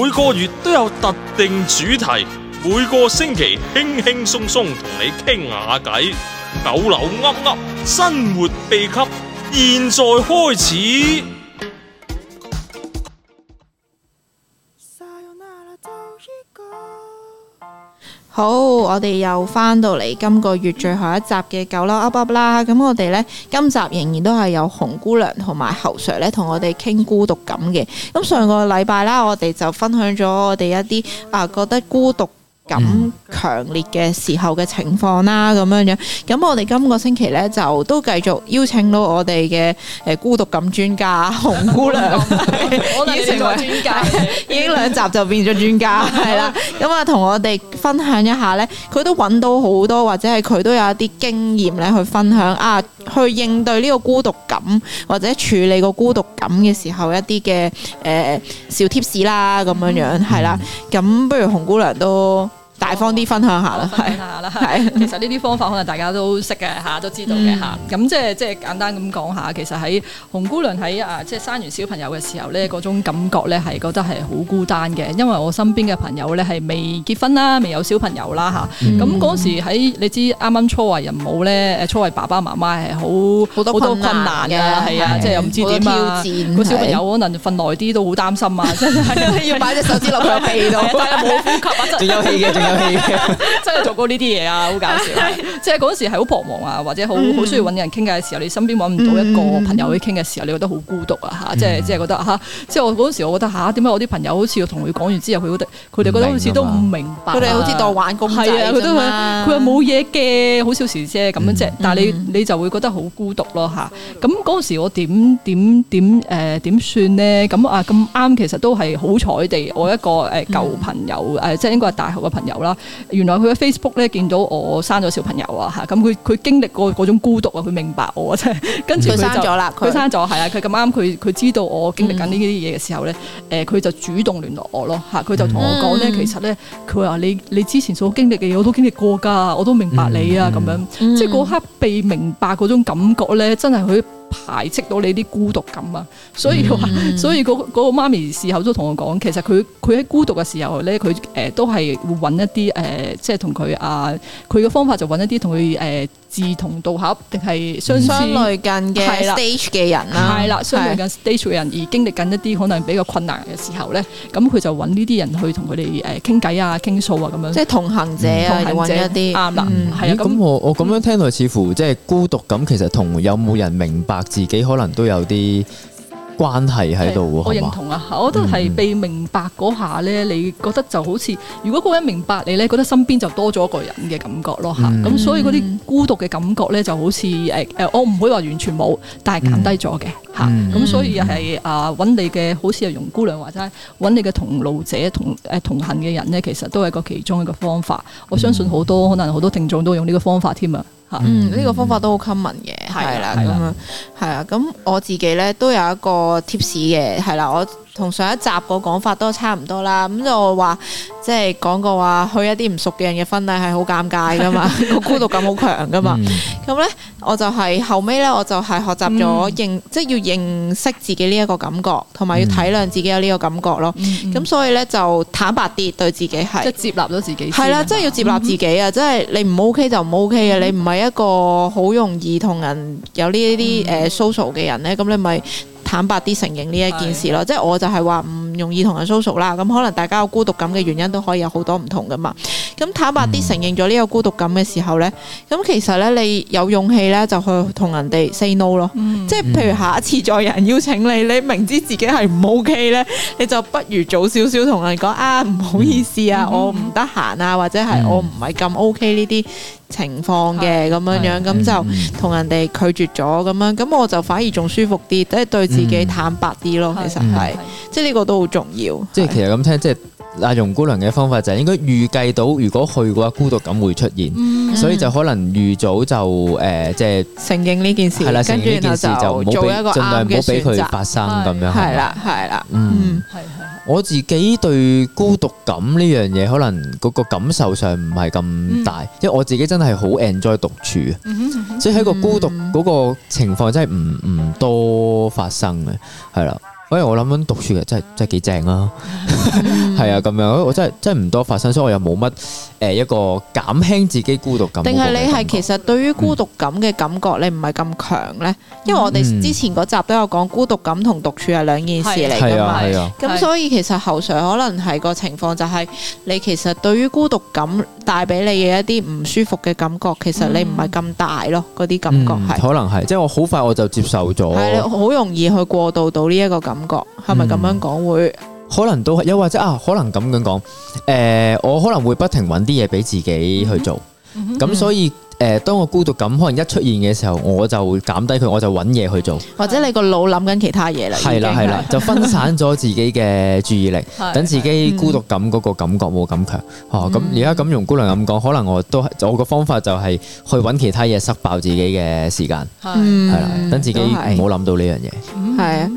每個月都有特定主題，每個星期輕輕鬆鬆同你傾下偈，九樓噏噏，生活秘笈，現在開始。好，我哋又翻到嚟今個月最後一集嘅《九樓噏噏》啦。咁我哋呢，今集仍然都係有紅姑娘同埋侯 sir 呢，同我哋傾孤獨感嘅。咁上個禮拜啦，我哋就分享咗我哋一啲啊，覺得孤獨。咁、嗯、強烈嘅時候嘅情況啦，咁樣、嗯、樣。咁我哋今個星期咧就都繼續邀請到我哋嘅誒孤獨感專家紅姑娘，我哋成個專家已經兩集就變咗專家，係 啦。咁啊，同我哋分享一下咧，佢都揾到好多或者係佢都有一啲經驗咧去分享啊，去應對呢個孤獨感或者處理個孤獨感嘅時候一啲嘅誒小貼士啦，咁樣樣係、嗯、啦。咁不如紅姑娘都～大方啲分享下啦，係，其實呢啲方法可能大家都識嘅吓，都知道嘅吓。咁即係即係簡單咁講下，其實喺紅姑娘喺啊，即係生完小朋友嘅時候咧，嗰種感覺咧係覺得係好孤單嘅。因為我身邊嘅朋友咧係未結婚啦，未有小朋友啦吓。咁嗰時喺你知啱啱初為人母咧，初為爸爸媽媽係好好多困難嘅，係啊，即係又唔知點啊，個小朋友可能瞓耐啲都好擔心啊，真係要擺隻手指落佢個鼻度，但係冇呼吸，仲有氣嘅。 真係做過呢啲嘢啊，好搞笑！啊！即係嗰時係好彷徨啊，或者好好需要揾人傾偈嘅時候，mm. 你身邊揾唔到一個朋友去傾嘅時候，mm. 你覺得好孤獨啊！吓，即係即係覺得吓，即係我嗰時我覺得吓，點解我啲朋友好似同佢講完之後，佢覺得佢哋覺得好似都唔明白，啊，佢哋 好似當玩公仔，佢，啊、都佢佢話冇嘢嘅，好小事啫咁樣啫。但係你你就會覺得好孤獨咯吓。咁、啊、嗰時我點點點誒點算呢？咁啊咁啱，其實都係好彩地，我一個誒舊朋友誒，即係應該係大學嘅朋友。Mm. 啦，原來佢喺 Facebook 咧見到我生咗小朋友啊，吓咁佢佢經歷過嗰種孤獨啊，佢明白我啊， 跟住佢、嗯、生咗就佢生咗，係啊，佢咁啱佢佢知道我經歷緊呢啲嘢嘅時候咧，誒、嗯，佢就主動聯絡我咯，吓佢就同我講咧，嗯、其實咧，佢話你你之前所經歷嘅嘢我都經歷過噶，我都明白你啊，咁、嗯、樣，嗯、即係嗰刻被明白嗰種感覺咧，真係佢。 排斥到你啲孤獨感啊，所以話，所以嗰嗰個媽咪事後都同我講，其實佢佢喺孤獨嘅時候咧，佢誒、呃、都係會揾一啲誒、呃、即係同佢啊，佢嘅方法就揾一啲同佢誒志同道合定係相相類近嘅 stage 嘅人啦，啊，係啦，相類近 stage 嘅人而經歷緊一啲可能比較困難嘅時候咧，咁佢就揾呢啲人去同佢哋誒傾偈啊，傾訴啊咁樣，即係同行者啊，揾，嗯、一啲啱啦。係啊，咁我我咁樣聽落，似乎即係、就是、孤獨感其實同有冇人明白。自己可能都有啲關係喺度，我認同啊！吧我都係被明白嗰下咧，嗯、你覺得就好似如果嗰人明白你咧，覺得身邊就多咗一個人嘅感覺咯，吓咁、嗯，所以嗰啲孤獨嘅感覺咧就好似誒誒，我唔會話完全冇，但係減低咗嘅吓，咁所以又係啊，揾你嘅好似容姑娘話齋，揾你嘅同路者同誒同行嘅人咧，其實都係個其中一個方法。嗯、我相信好多可能好多聽眾都用呢個方法添啊！嗯，呢個方法都好 common 嘅，係啦，咁樣係啊。咁我自己咧都有一個 tips 嘅，係啦。我同上一集個講法都差唔多啦。咁、嗯、就話即係講過話去一啲唔熟嘅人嘅婚禮係好尷尬噶嘛，個孤獨感好強噶嘛。咁咧。嗯我就係、是、後尾，咧，我就係學習咗認，嗯、即係要認識自己呢一個感覺，同埋要體諒自己有呢個感覺咯。咁、嗯、所以咧就坦白啲對自己係，即係接納咗自己。係啦了，即係要接納自己啊！嗯、哼即係你唔 OK 就唔 OK 啊！嗯、哼你唔係一個好容易同人有呢啲誒 social 嘅人咧，咁、嗯、哼你咪。坦白啲承認呢一件事咯，的即係我就係話唔容易同人相處啦。咁可能大家有孤獨感嘅原因都可以有好多唔同噶嘛。咁坦白啲承認咗呢個孤獨感嘅時候呢，咁、嗯、其實呢，你有勇氣呢，就去同人哋 say no 咯。嗯、即係譬如下一次再有人邀請你，你明知自己係唔 OK 呢，你就不如早少少同人講啊，唔好意思啊，嗯、我唔得閒啊，或者係我唔係咁 OK 呢啲。情況嘅咁樣樣，咁就同人哋拒絕咗咁樣，咁我就反而仲舒服啲，即係對自己坦白啲咯。其實係，即係呢個都好重要。即係其實咁聽，即係阿容姑娘嘅方法就係應該預計到，如果去嘅話，孤獨感會出現，所以就可能預早就誒，即係承認呢件事，跟住就做一個儘量唔好俾佢發生咁樣。係啦，係啦，嗯。我自己對孤獨感呢樣嘢，可能嗰個感受上唔係咁大，嗯、因為我自己真係好 enjoy 獨處嘅，即係喺個孤獨嗰個情況真係唔唔多發生嘅，係啦。所、哎、我諗諗獨處嘅真係真係幾正啊，係 啊咁樣，我真係真係唔多發生，所以我又冇乜誒一個減輕自己孤獨感。定係你係其實對於孤獨感嘅感覺你唔係咁強呢？嗯、因為我哋之前嗰集都有講孤獨感同獨處係兩件事嚟噶嘛，咁所以其實後上可能係個情況就係你其實對於孤獨感帶俾你嘅一啲唔舒服嘅感覺，其實你唔係咁大咯，嗰啲、嗯、感覺係、嗯。可能係，即係我好快我就接受咗的，好容易去過渡到呢一個感。感覺係咪咁樣講會？可能都係，又或者啊，可能咁樣講。誒，我可能會不停搵啲嘢俾自己去做。咁所以誒，當我孤獨感可能一出現嘅時候，我就減低佢，我就搵嘢去做。或者你個腦諗緊其他嘢嚟，係啦係啦，就分散咗自己嘅注意力，等自己孤獨感嗰個感覺冇咁強。哦，咁而家咁用姑娘咁講，可能我都，我個方法就係去搵其他嘢，塞爆自己嘅時間，係啦，等自己唔好諗到呢樣嘢，係啊。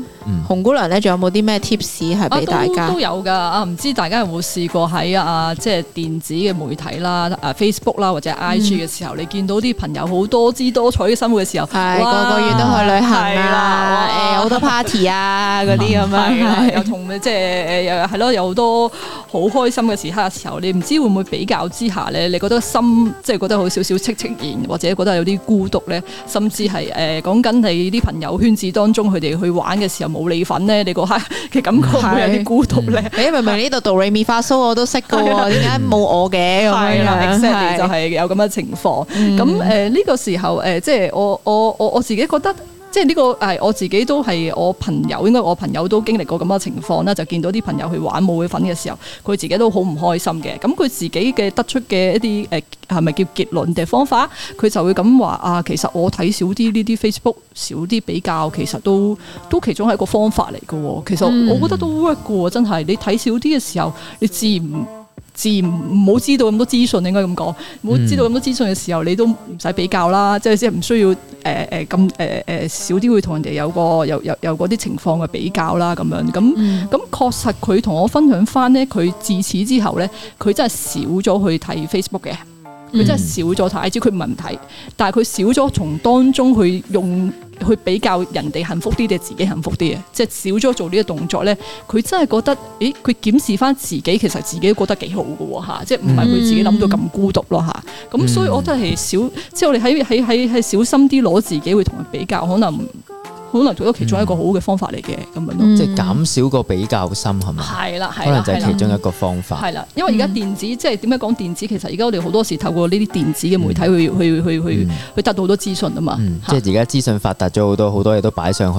洪姑娘咧，仲有冇啲咩 tips 係俾大家？啊、都，都有噶啊！唔知大家有冇試過喺啊，即係電子嘅媒體啦，啊 Facebook 啦、啊，或者 IG 嘅時候，嗯、你見到啲朋友好多姿多彩嘅生活嘅時候，係個、嗯、哇個月都去旅行啦、啊，誒好、啊欸、多 party 啊嗰啲咁啊，又同即係又係咯，有好多好開心嘅時刻嘅時候，你唔知會唔會比較之下咧，你覺得心即係覺得好少少戚戚然，或者覺得有啲孤獨咧，甚至係誒講緊你啲朋友圈子當中佢哋去玩嘅時候。冇你份咧，你個客嘅感覺會，會有啲孤獨咧。你、嗯欸、明明呢度 do re mi fa so 我都識㗎，點解冇我嘅咁的、exactly、樣？即係就係有咁嘅情況。咁誒呢個時候誒、呃，即係我我我我自己覺得。即係呢個誒，我自己都係我朋友，應該我朋友都經歷過咁嘅情況啦，就見到啲朋友去玩冇佢份嘅時候，佢自己都好唔開心嘅。咁佢自己嘅得出嘅一啲誒，係咪叫結論嘅方法？佢就會咁話啊，其實我睇少啲呢啲 Facebook，少啲比較，其實都都其中係一個方法嚟嘅。其實我覺得都 work 嘅，真係你睇少啲嘅時候，你自然。自然唔好知道咁多資訊，應該咁講。唔好知道咁多資訊嘅時候，你都唔使比較啦，嗯、即係即係唔需要誒誒咁誒誒少啲會同人哋有個有有有啲情況嘅比較啦咁樣。咁咁確實佢同我分享翻咧，佢自此之後咧，佢真係少咗去睇 Facebook 嘅。佢、嗯、真係少咗睇，即係佢唔係唔睇，但係佢少咗從當中去用去比較人哋幸福啲定係自己幸福啲嘅，即、就、係、是、少咗做呢個動作咧。佢真係覺得，誒，佢檢視翻自己，其實自己都覺得幾好嘅喎、嗯、即係唔係佢自己諗到咁孤獨咯嚇。咁、嗯啊、所以我真係少，即係我哋喺喺喺係小心啲攞自己，會同佢比較可能。可能做到其中一個好嘅方法嚟嘅，咁樣咯，即係減少個比較心係咪？係啦，可能就係其中一個方法。係啦，因為而家電子即係點樣講電子？其實而家我哋好多時透過呢啲電子嘅媒體去去去去去得到好多資訊啊嘛。即係而家資訊發達咗好多，好多嘢都擺上去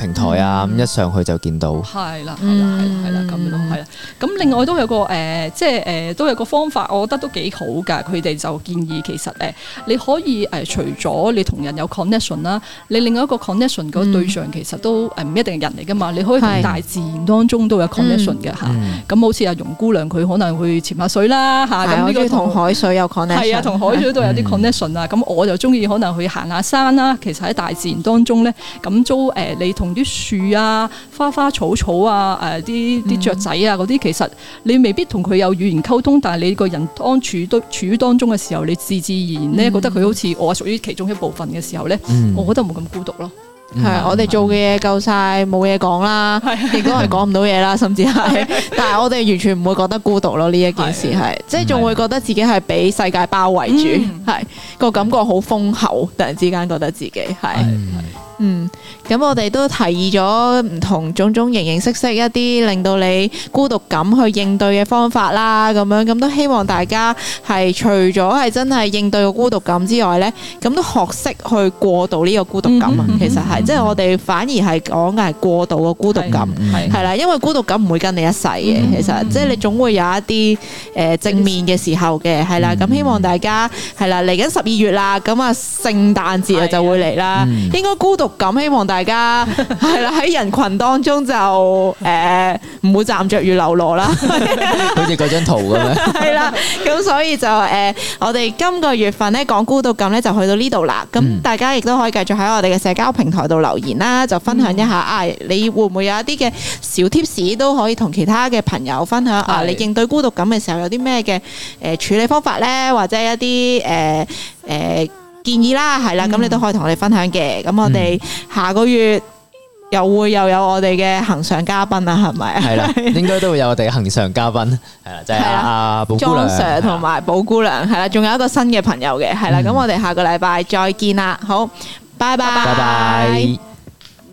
平台啊，咁一上去就見到。係啦，係啦，係啦，係啦，咁樣咯，係啦。咁另外都有個誒即係誒都有個方法，我覺得都幾好㗎。佢哋就建議，其實誒你可以誒除咗你同人有 connection 啦，你另外一個 connection 個對象其實都誒唔一定係人嚟㗎嘛，你可以喺大自然當中都有 connection 嘅嚇。咁好似阿容姑娘，佢可能會潛下水啦嚇，咁呢個同海水有 connection，係啊，同海水都有啲 connection、嗯、啊。咁我就中意可能去行下山啦、啊。其實喺大自然當中咧，咁都誒，你同啲樹啊、花花草草啊、誒啲啲雀仔啊嗰啲，其實你未必同佢有語言溝通，但係你個人當處都處於當中嘅時候，你自自然然咧、嗯、覺得佢好似我係屬於其中一部分嘅時候咧，嗯、我覺得冇咁孤獨咯。係， 我哋做嘅嘢夠晒，冇嘢講啦，亦都係講唔到嘢啦，甚至係，但係我哋完全唔會覺得孤獨咯。呢 一件事係，即係仲會覺得自己係畀世界包圍住，係個 感覺好豐厚。突然之間覺得自己係。 咁我哋都提議咗唔同種種形形色色一啲令到你孤獨感去應對嘅方法啦，咁樣咁都希望大家係除咗係真係應對個孤獨感之外咧，咁都學識去過渡呢個孤獨感啊。其實係即係我哋反而係講嘅係過渡個孤獨感，係啦，因為孤獨感唔會跟你一世嘅，其實即係你總會有一啲誒正面嘅時候嘅，係啦。咁希望大家係啦，嚟緊十二月啦，咁啊聖誕節啊就會嚟啦，應該孤獨感希望大 大家係啦，喺人群當中就誒唔會站着與流落啦，好似嗰張圖咁樣 。係啦，咁所以就誒、呃，我哋今個月份咧講孤獨感咧就去到呢度啦。咁、嗯、大家亦都可以繼續喺我哋嘅社交平台度留言啦，嗯、就分享一下啊，你會唔會有一啲嘅小 tips 都可以同其他嘅朋友分享是啊？你應對孤獨感嘅時候有啲咩嘅誒處理方法咧，或者一啲誒誒。呃呃呃呃建議啦，係啦，咁你都可以同我哋分享嘅。咁我哋下個月又會又有我哋嘅恆常嘉賓啦，係咪？係啦，應該都會有我哋嘅恆常嘉賓，係啦，即係阿阿寶姑娘同埋寶姑娘，係啦，仲有一個新嘅朋友嘅，係啦。咁我哋下個禮拜再見啦，好，拜拜，拜拜。